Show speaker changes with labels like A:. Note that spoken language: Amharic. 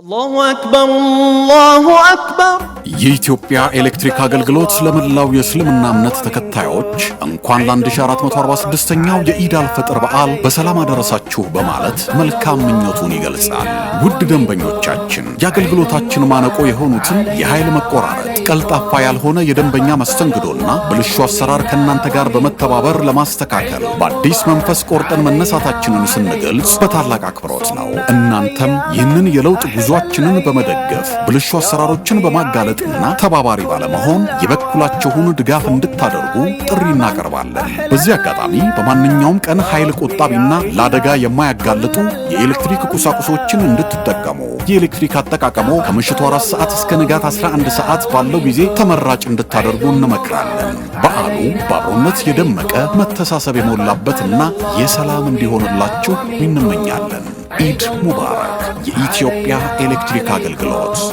A: الله أكبر الله أكبر
B: የኢትዮጵያ ኤሌክትሪክ አገልግሎት ለመላው የእስልምና እምነት ተከታዮች እንኳን ለ1446ኛው የኢድ አልፈጥር በዓል በሰላም አደረሳችሁ በማለት መልካም ምኞቱን ይገልጻል። ውድ ደንበኞቻችን፣ የአገልግሎታችን ማነቆ የሆኑትን የኃይል መቆራረጥ፣ ቀልጣፋ ያልሆነ የደንበኛ መስተንግዶና ብልሹ አሰራር ከእናንተ ጋር በመተባበር ለማስተካከል በአዲስ መንፈስ ቆርጠን መነሳታችንን ስንገልጽ በታላቅ አክብሮት ነው። እናንተም ይህንን የለውጥ ጉዟችንን በመደገፍ ብልሹ አሰራሮችን በማጋለጥ አባልና ተባባሪ ባለመሆን የበኩላችሁን ድጋፍ እንድታደርጉ ጥሪ እናቀርባለን። በዚህ አጋጣሚ በማንኛውም ቀን ኃይል ቆጣቢና ለአደጋ የማያጋልጡ የኤሌክትሪክ ቁሳቁሶችን እንድትጠቀሙ የኤሌክትሪክ አጠቃቀሞ ከምሽቱ 4 ሰዓት እስከ ንጋት 11 ሰዓት ባለው ጊዜ ተመራጭ እንድታደርጉ እንመክራለን። በዓሉ በአብሮነት የደመቀ መተሳሰብ የሞላበትና የሰላም እንዲሆንላችሁ እንመኛለን። ኢድ ሙባረክ! የኢትዮጵያ ኤሌክትሪክ አገልግሎት